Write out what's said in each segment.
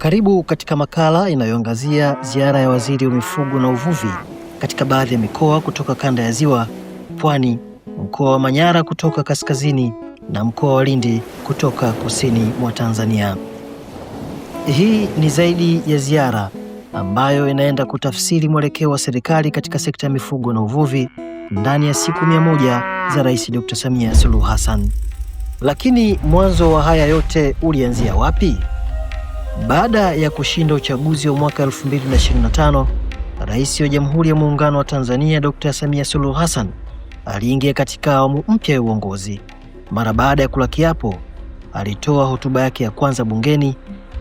Karibu katika makala inayoangazia ziara ya waziri wa mifugo na uvuvi katika baadhi ya mikoa kutoka kanda ya Ziwa, Pwani, mkoa wa Manyara kutoka kaskazini na mkoa wa Lindi kutoka kusini mwa Tanzania. Hii ni zaidi ya ziara ambayo inaenda kutafsiri mwelekeo wa serikali katika sekta ya mifugo na uvuvi ndani ya siku mia moja za Rais Dr. Samia Suluhu Hassan. Lakini mwanzo wa haya yote ulianzia wapi? Baada ya kushinda uchaguzi wa mwaka 2025, Rais wa Jamhuri ya Muungano wa Tanzania Dr. Samia Suluhu Hassan aliingia katika awamu mpya ya uongozi. Mara baada ya kula kiapo, alitoa hotuba yake ya kwanza bungeni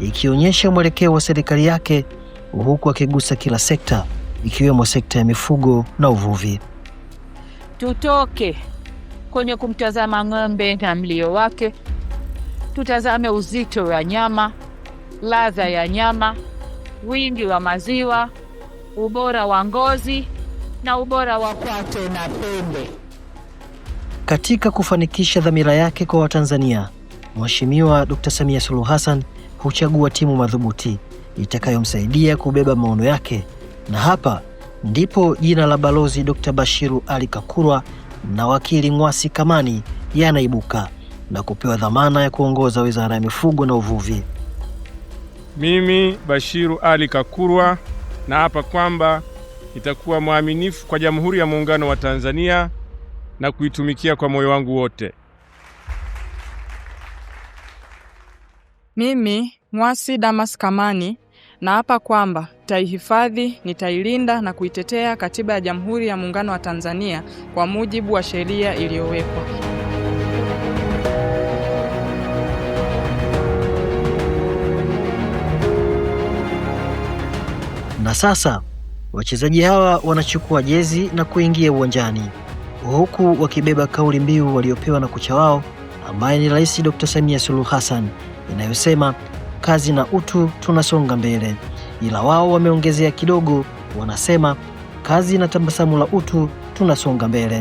ikionyesha mwelekeo wa serikali yake huku akigusa kila sekta ikiwemo sekta ya mifugo na uvuvi. Tutoke kwenye kumtazama ng'ombe na mlio wake, tutazame uzito wa nyama ladha ya nyama, wingi wa maziwa, ubora wa ngozi na ubora wa kwato na pembe. Katika kufanikisha dhamira yake kwa Watanzania, Mheshimiwa Dr. Samia Suluhu Hassan huchagua timu madhubuti itakayomsaidia kubeba maono yake, na hapa ndipo jina la Balozi Dr. Bashiru Ali Kakurwa na Wakili Ng'wasi Kamani yanaibuka na kupewa dhamana ya kuongoza Wizara ya Mifugo na Uvuvi. Mimi Bashiru Ali Kakurwa hapa kwamba nitakuwa mwaminifu kwa Jamhuri ya Muungano wa Tanzania na kuitumikia kwa moyo wangu wote. Mimi Mwasi Damas Kamani hapa kwamba nitaihifadhi, nitailinda na kuitetea Katiba ya Jamhuri ya Muungano wa Tanzania kwa mujibu wa sheria iliyowekwa. sasa wachezaji hawa wanachukua jezi na kuingia uwanjani huku wakibeba kauli mbiu waliopewa na kocha wao ambaye ni Rais Dr. Samia Suluhu Hassan inayosema kazi na utu tunasonga mbele, ila wao wameongezea kidogo, wanasema kazi na tabasamu la utu tunasonga mbele.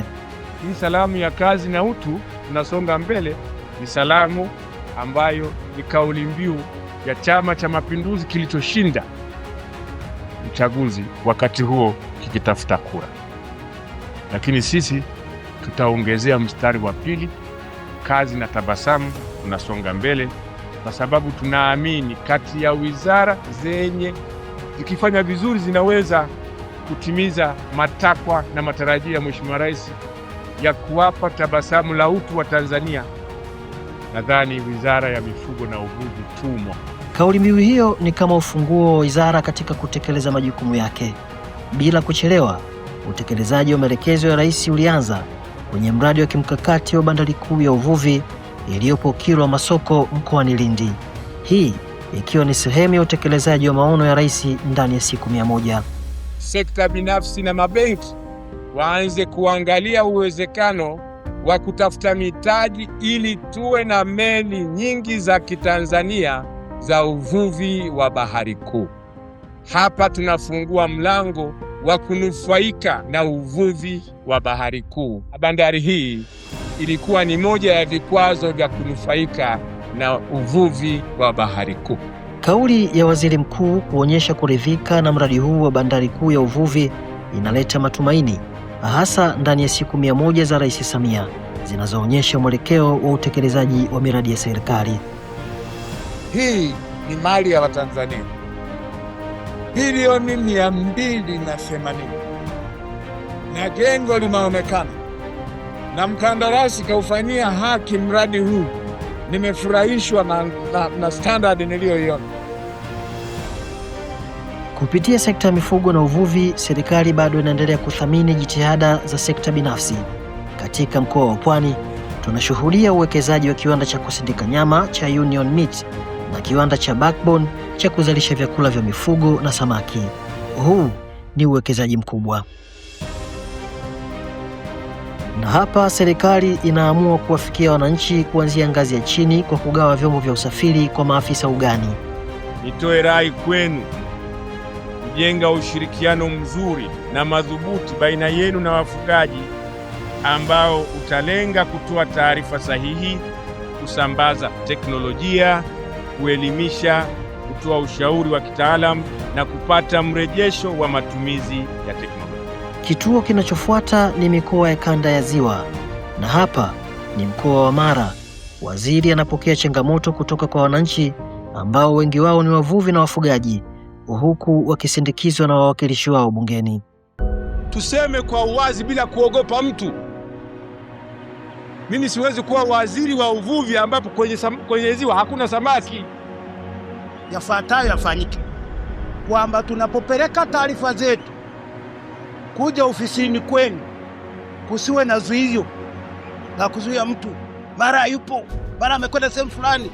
Hii salamu ya kazi na utu tunasonga mbele ni salamu ambayo ni kauli mbiu ya Chama cha Mapinduzi kilichoshinda uchaguzi wakati huo kikitafuta kura, lakini sisi tutaongezea mstari wa pili, kazi na tabasamu, tunasonga mbele kwa sababu tunaamini kati ya wizara zenye zikifanya vizuri zinaweza kutimiza matakwa na matarajio ya Mheshimiwa Rais ya kuwapa tabasamu la utu wa Tanzania. Nadhani wizara ya mifugo na uvuvi tumo Kauli mbiu hiyo ni kama ufunguo wa wizara katika kutekeleza majukumu yake. Bila kuchelewa, utekelezaji wa maelekezo ya rais ulianza kwenye mradi wa kimkakati wa bandari kuu ya uvuvi iliyopo Kilwa Masoko mkoani Lindi, hii ikiwa ni sehemu ya utekelezaji wa maono ya rais ndani ya siku mia moja. Sekta binafsi na mabenki waanze kuangalia uwezekano wa kutafuta mitaji ili tuwe na meli nyingi za Kitanzania za uvuvi wa bahari kuu. Hapa tunafungua mlango wa kunufaika na uvuvi wa bahari kuu. Bandari hii ilikuwa ni moja ya vikwazo vya kunufaika na uvuvi wa bahari kuu. Kauli ya waziri mkuu kuonyesha kuridhika na mradi huu wa bandari kuu ya uvuvi inaleta matumaini, hasa ndani ya siku mia moja za Rais Samia zinazoonyesha mwelekeo wa utekelezaji wa miradi ya serikali hii ni mali ya Watanzania bilioni mia mbili na themanini na jengo linaonekana na mkandarasi kaufanyia haki mradi huu. Nimefurahishwa na, na, na standadi niliyoiona. Kupitia sekta ya mifugo na uvuvi, serikali bado inaendelea kuthamini jitihada za sekta binafsi. Katika mkoa wa Pwani tunashuhudia uwekezaji wa kiwanda cha kusindika nyama cha Union Meat na kiwanda cha Backbone cha kuzalisha vyakula vya mifugo na samaki. Huu ni uwekezaji mkubwa. Na hapa serikali inaamua kuwafikia wananchi kuanzia ngazi ya chini kwa kugawa vyombo vya usafiri kwa maafisa ugani. Nitoe rai kwenu kujenga ushirikiano mzuri na madhubuti baina yenu na wafugaji ambao utalenga kutoa taarifa sahihi, kusambaza teknolojia kuelimisha, kutoa ushauri wa kitaalamu na kupata mrejesho wa matumizi ya teknolojia. Kituo kinachofuata ni mikoa ya kanda ya Ziwa, na hapa ni mkoa wa Mara. Waziri anapokea changamoto kutoka kwa wananchi ambao wengi wao ni wavuvi na wafugaji, huku wakisindikizwa na wawakilishi wao bungeni. Tuseme kwa uwazi bila kuogopa mtu mimi siwezi kuwa waziri wa uvuvi ambapo kwenye, kwenye ziwa hakuna samaki. Yafuatayo yafanyike kwamba tunapopeleka taarifa zetu kuja ofisini kwenu, kusiwe na zuio la kuzuia mtu, mara yupo mara amekwenda sehemu fulani,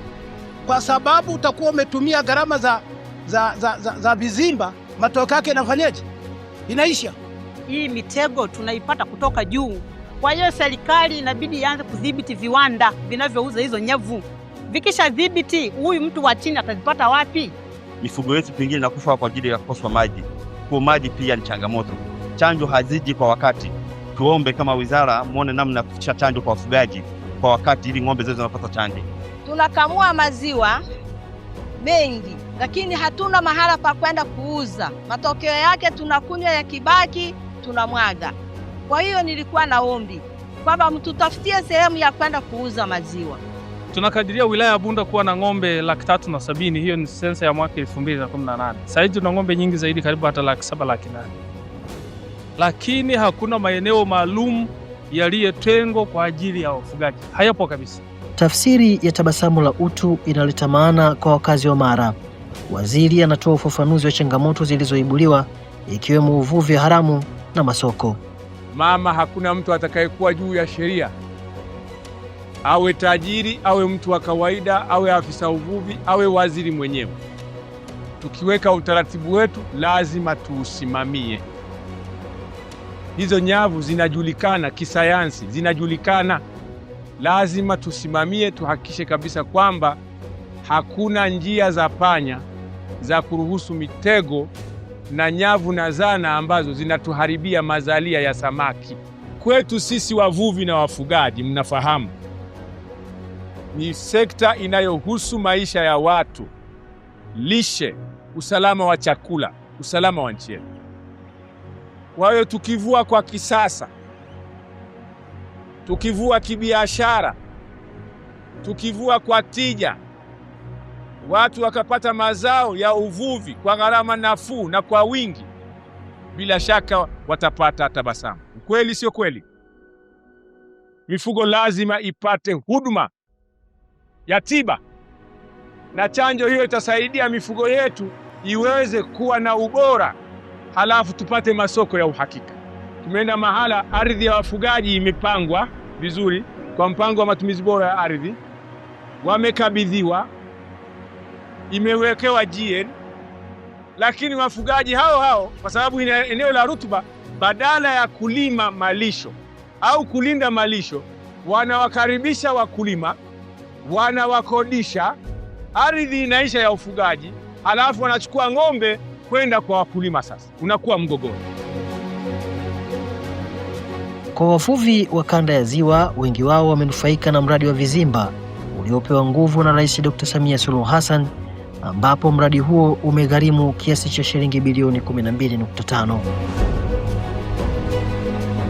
kwa sababu utakuwa umetumia gharama za, za, za, za, za vizimba. Matokeo yake inafanyaje? Inaisha. Hii mitego tunaipata kutoka juu. Kwa hiyo serikali inabidi ianze kudhibiti viwanda vinavyouza hizo nyavu. Vikisha dhibiti, huyu mtu wa chini atazipata wapi? Mifugo yetu pengine nakufa kwa ajili ya kukosa maji. Kwa maji pia ni changamoto, chanjo haziji kwa wakati. Tuombe kama wizara, muone namna ya kufikisha chanjo kwa wafugaji kwa wakati, ili ng'ombe zetu zinapata chanjo. Tunakamua maziwa mengi, lakini hatuna mahala pa kwenda kuuza. Matokeo yake tunakunywa ya kibaki, tunamwaga. Kwa hiyo nilikuwa na ombi kwamba mtutafutie sehemu ya kwenda kuuza maziwa. Tunakadiria wilaya ya Bunda kuwa na ng'ombe laki tatu na sabini. Hiyo ni sensa ya mwaka 2018. Sasa hivi tuna ng'ombe nyingi zaidi, karibu hata laki saba laki nane, lakini hakuna maeneo maalum yaliyotengwa kwa ajili ya wafugaji, hayapo kabisa. Tafsiri ya tabasamu la utu inaleta maana kwa wakazi wa Mara. Waziri anatoa ufafanuzi wa changamoto zilizoibuliwa ikiwemo uvuvi haramu na masoko mama, hakuna mtu atakayekuwa juu ya sheria, awe tajiri, awe mtu wa kawaida, awe afisa uvuvi, awe waziri mwenyewe. Tukiweka utaratibu wetu, lazima tuusimamie. Hizo nyavu zinajulikana kisayansi, zinajulikana. Lazima tusimamie, tuhakikishe kabisa kwamba hakuna njia za panya za kuruhusu mitego na nyavu na zana ambazo zinatuharibia mazalia ya samaki. Kwetu sisi wavuvi na wafugaji, mnafahamu ni sekta inayohusu maisha ya watu, lishe, usalama wa chakula, usalama wa nchi yetu. Kwa hiyo tukivua kwa kisasa, tukivua kibiashara, tukivua kwa tija watu wakapata mazao ya uvuvi kwa gharama nafuu na kwa wingi, bila shaka watapata tabasamu. Ukweli sio kweli? Mifugo lazima ipate huduma ya tiba na chanjo. Hiyo itasaidia mifugo yetu iweze kuwa na ubora, halafu tupate masoko ya uhakika. Tumeenda mahala, ardhi ya wafugaji imepangwa vizuri kwa mpango wa matumizi bora ya ardhi, wamekabidhiwa imewekewa GN, lakini wafugaji hao hao kwa sababu ina eneo la rutuba, badala ya kulima malisho au kulinda malisho, wanawakaribisha wakulima, wanawakodisha, ardhi inaisha ya ufugaji, halafu wanachukua ng'ombe kwenda kwa wakulima. Sasa unakuwa mgogoro. Kwa wavuvi wa kanda ya Ziwa, wengi wao wamenufaika na mradi wa vizimba uliopewa nguvu na Rais Dr. Samia Suluhu Hassan ambapo mradi huo umegharimu kiasi cha shilingi bilioni 12.5.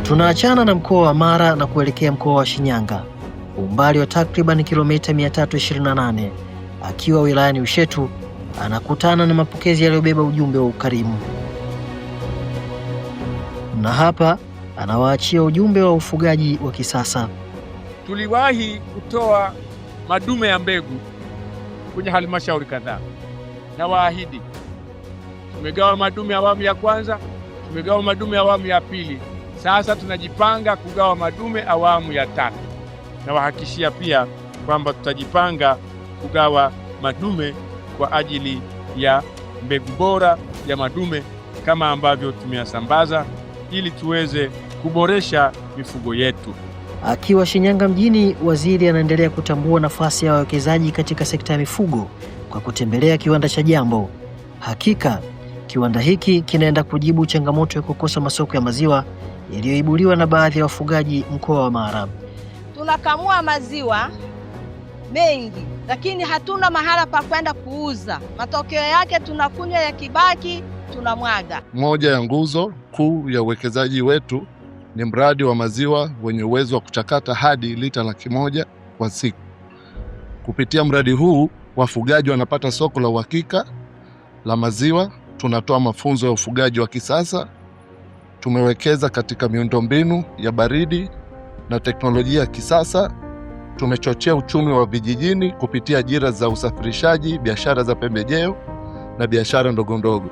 Tunaachana na mkoa wa Mara na kuelekea mkoa wa Shinyanga, umbali wa takriban kilomita 328. Akiwa wilayani Ushetu, anakutana na mapokezi yaliyobeba ujumbe wa ukarimu, na hapa anawaachia ujumbe wa ufugaji wa kisasa. Tuliwahi kutoa madume ya mbegu kwenye halmashauri kadhaa, na waahidi tumegawa madume awamu ya kwanza, tumegawa madume awamu ya pili, sasa tunajipanga kugawa madume awamu ya tatu. Nawahakishia pia kwamba tutajipanga kugawa madume kwa ajili ya mbegu bora ya madume kama ambavyo tumeyasambaza ili tuweze kuboresha mifugo yetu. Akiwa Shinyanga mjini, waziri anaendelea kutambua nafasi ya wawekezaji katika sekta ya mifugo kwa kutembelea kiwanda cha Jambo. Hakika kiwanda hiki kinaenda kujibu changamoto ya kukosa masoko ya maziwa yaliyoibuliwa na baadhi ya wafugaji mkoa wa Mara. Tunakamua maziwa mengi, lakini hatuna mahala pa kwenda kuuza. Matokeo yake tunakunywa ya kibaki, tunamwaga. Moja ya nguzo kuu ya uwekezaji wetu ni mradi wa maziwa wenye uwezo wa kuchakata hadi lita laki moja kwa siku. Kupitia mradi huu, wafugaji wanapata soko la uhakika la maziwa. Tunatoa mafunzo ya ufugaji wa kisasa. Tumewekeza katika miundombinu ya baridi na teknolojia ya kisasa. Tumechochea uchumi wa vijijini kupitia ajira za usafirishaji, biashara za pembejeo na biashara ndogondogo.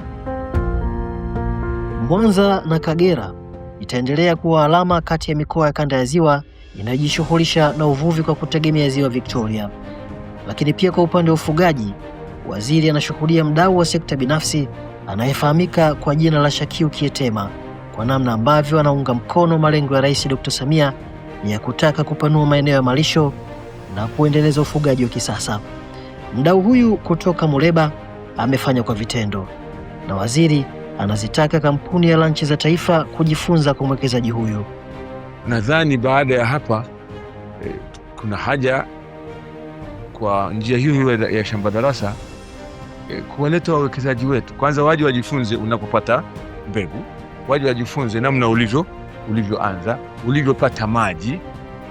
Mwanza na Kagera itaendelea kuwa alama kati ya mikoa ya kanda ya ziwa inayojishughulisha na uvuvi kwa kutegemea ziwa Victoria. Lakini pia kwa upande wa ufugaji, waziri anashuhudia mdau wa sekta binafsi anayefahamika kwa jina la Shakiu Kietema kwa namna ambavyo anaunga mkono malengo ya Rais Dr. Samia ya kutaka kupanua maeneo ya malisho na kuendeleza ufugaji wa kisasa. Mdau huyu kutoka Muleba amefanya kwa vitendo na waziri anazitaka kampuni ya lanchi za taifa kujifunza kwa mwekezaji huyo. Nadhani baada ya hapa e, kuna haja kwa njia hiyo hiyo ya shamba darasa e, kuwaleta wawekezaji wetu kwanza, waje wajifunze unapopata mbegu, waje wajifunze namna ulivyo ulivyoanza ulivyopata maji,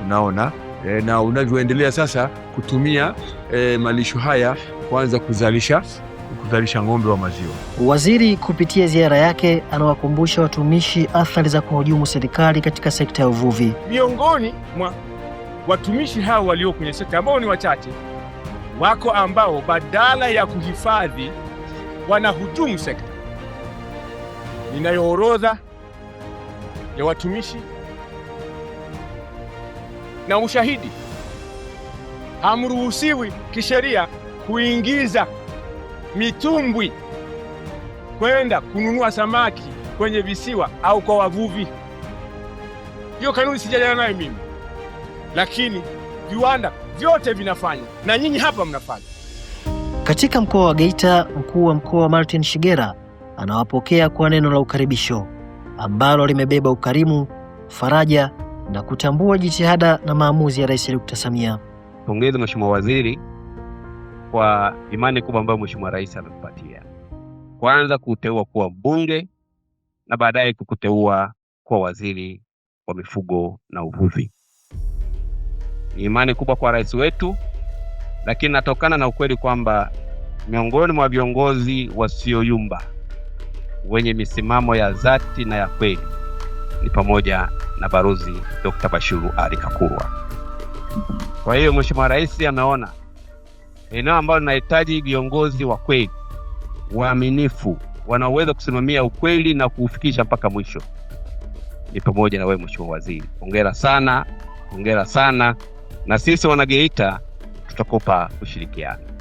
unaona e, na unavyoendelea sasa kutumia e, malisho haya kuanza kuzalisha kuzalisha ng'ombe wa maziwa. Waziri kupitia ziara yake anawakumbusha watumishi athari za kuhujumu serikali katika sekta ya uvuvi. Miongoni mwa watumishi hao walio kwenye sekta ambao ni wachache, wako ambao badala ya kuhifadhi wanahujumu sekta. Ninayo orodha ya watumishi na ushahidi. Hamruhusiwi kisheria kuingiza mitumbwi kwenda kununua samaki kwenye visiwa au kwa wavuvi. Hiyo kanuni sijajana nayo mimi, lakini viwanda vyote vinafanya na nyinyi hapa mnafanya. Katika mkoa wa Geita, mkuu wa mkoa Martin Shigera anawapokea kwa neno la ukaribisho ambalo limebeba ukarimu, faraja na kutambua jitihada na maamuzi ya Rais Dr. Samia. Pongeza Mheshimiwa Waziri kwa imani kubwa ambayo mheshimiwa rais amekupatia kwanza kuteua kuwa mbunge na baadaye kukuteua kuwa waziri wa mifugo na uvuvi. Ni imani kubwa kwa rais wetu, lakini natokana na ukweli kwamba miongoni mwa viongozi wasioyumba wenye misimamo ya zati na ya kweli ni pamoja na baruzi Dr. bashuru Ali Kakurwa. Kwa hiyo mweshimuwa Rais ameona eneo ambalo linahitaji viongozi wa kweli, waaminifu, wanaoweza kusimamia ukweli na kuufikisha mpaka mwisho. Ni pamoja na wewe mweshimua Waziri, ongera sana, ongera sana, na sisi Wanageita tutakupa ushirikiano.